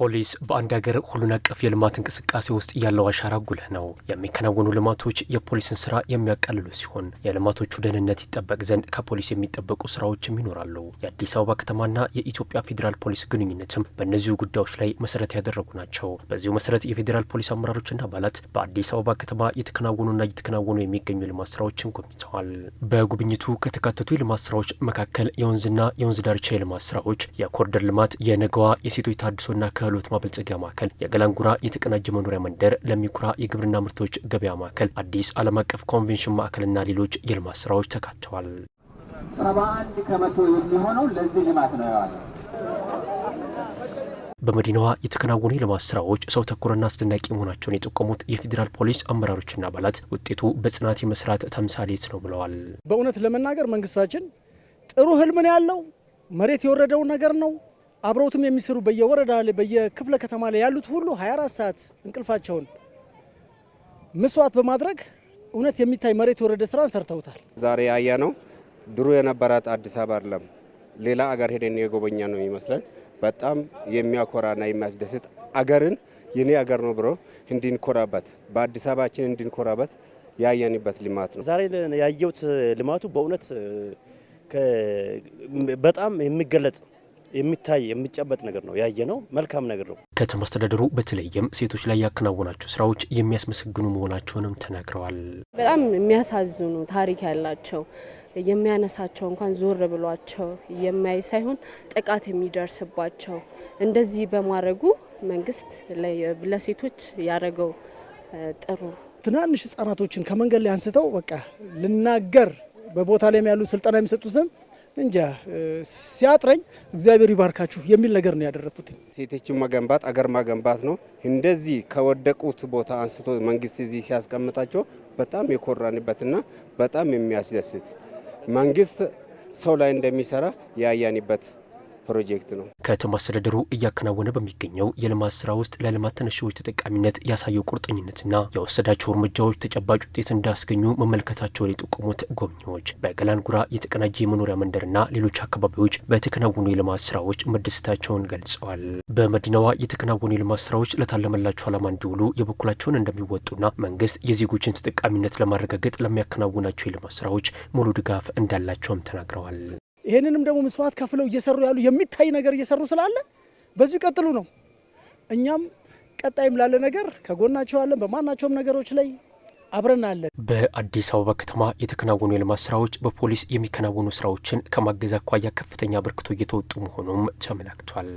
ፖሊስ በአንድ ሀገር ሁሉን አቀፍ የልማት እንቅስቃሴ ውስጥ ያለው አሻራ ጉልህ ነው። የሚከናወኑ ልማቶች የፖሊስን ስራ የሚያቀልሉ ሲሆን የልማቶቹ ደህንነት ይጠበቅ ዘንድ ከፖሊስ የሚጠበቁ ስራዎችም ይኖራሉ። የአዲስ አበባ ከተማና የኢትዮጵያ ፌዴራል ፖሊስ ግንኙነትም በእነዚሁ ጉዳዮች ላይ መሰረት ያደረጉ ናቸው። በዚሁ መሰረት የፌዴራል ፖሊስ አመራሮችና አባላት በአዲስ አበባ ከተማ የተከናወኑና እየተከናወኑ የሚገኙ የልማት ስራዎችን ጎብኝተዋል። በጉብኝቱ ከተካተቱ የልማት ስራዎች መካከል የወንዝና የወንዝ ዳርቻ የልማት ስራዎች፣ የኮሪደር ልማት፣ የነገዋ፣ የሴቶች ታድሶና ከ የክህሎት ማበልጸጊያ ማዕከል፣ የገላንጉራ የተቀናጀ መኖሪያ መንደር፣ ለሚኩራ የግብርና ምርቶች ገበያ ማዕከል፣ አዲስ ዓለም አቀፍ ኮንቬንሽን ማዕከልና ሌሎች የልማት ስራዎች ተካተዋል። ሰባ አንድ ከመቶ የሚሆነው ለዚህ ልማት ነው የዋለው። በመዲናዋ የተከናወኑ የልማት ስራዎች ሰው ተኮርና አስደናቂ መሆናቸውን የጠቆሙት የፌዴራል ፖሊስ አመራሮችና አባላት ውጤቱ በጽናት የመስራት ተምሳሌት ነው ብለዋል። በእውነት ለመናገር መንግስታችን ጥሩ ህልምን ያለው መሬት የወረደው ነገር ነው አብረውትም የሚሰሩ በየወረዳ ላይ በየክፍለ ከተማ ላይ ያሉት ሁሉ 24 ሰዓት እንቅልፋቸውን መስዋዕት በማድረግ እውነት የሚታይ መሬት የወረደ ስራን ሰርተውታል። ዛሬ ያያ ነው ድሮ የነበራት አዲስ አበባ አይደለም፣ ሌላ አገር ሄደን የጎበኛ ነው የሚመስለን። በጣም የሚያኮራና የሚያስደስት አገርን የኔ አገር ነው ብሎ እንድንኮራበት በአዲስ አበባችን እንድንኮራበት ያየንበት ልማት ነው። ዛሬ ያየሁት ልማቱ በእውነት በጣም የሚገለጽ የሚታይ የሚጨበጥ ነገር ነው ያየ ነው መልካም ነገር ነው። ከተማ አስተዳደሩ በተለይም ሴቶች ላይ ያከናወናቸው ስራዎች የሚያስመሰግኑ መሆናቸውንም ተናግረዋል። በጣም የሚያሳዝኑ ታሪክ ያላቸው የሚያነሳቸው እንኳን ዞር ብሏቸው የማይ ሳይሆን ጥቃት የሚደርስባቸው እንደዚህ በማድረጉ መንግስት ለሴቶች ያደረገው ጥሩ ትናንሽ ህጻናቶችን ከመንገድ ላይ አንስተው በቃ ልናገር በቦታ ላይ ያሉ ስልጠና የሚሰጡትን እንጃ ሲያጥረኝ እግዚአብሔር ይባርካችሁ የሚል ነገር ነው ያደረግኩት። ሴቶችን መገንባት አገር መገንባት ነው። እንደዚህ ከወደቁት ቦታ አንስቶ መንግስት እዚህ ሲያስቀምጣቸው በጣም የኮራንበትና በጣም የሚያስደስት መንግስት ሰው ላይ እንደሚሰራ ያያንበት ፕሮጀክት ነው። ከተማ አስተዳደሩ እያከናወነ በሚገኘው የልማት ስራ ውስጥ ለልማት ተነሺዎች ተጠቃሚነት ያሳየው ቁርጠኝነትና የወሰዳቸው እርምጃዎች ተጨባጭ ውጤት እንዳስገኙ መመልከታቸውን የጠቆሙት ጎብኚዎች ጉራ የተቀናጀ የመኖሪያ መንደርና ሌሎች አካባቢዎች በተከናወኑ የልማት ስራዎች መደሰታቸውን ገልጸዋል። በመዲናዋ የተከናወኑ የልማት ስራዎች ለታለመላቸው ዓላማ እንዲውሉ የበኩላቸውን እንደሚወጡና መንግስት የዜጎችን ተጠቃሚነት ለማረጋገጥ ለሚያከናውናቸው የልማት ስራዎች ሙሉ ድጋፍ እንዳላቸውም ተናግረዋል። ይሄንንም ደግሞ መስዋዕት ከፍለው እየሰሩ ያሉ የሚታይ ነገር እየሰሩ ስላለ በዚሁ ቀጥሉ ነው። እኛም ቀጣይም ላለ ነገር ከጎናቸው አለን። በማናቸውም ነገሮች ላይ አብረን አለን። በአዲስ አበባ ከተማ የተከናወኑ የልማት ስራዎች በፖሊስ የሚከናወኑ ስራዎችን ከማገዝ አኳያ ከፍተኛ አበርክቶ እየተወጡ መሆኑም ተመላክቷል።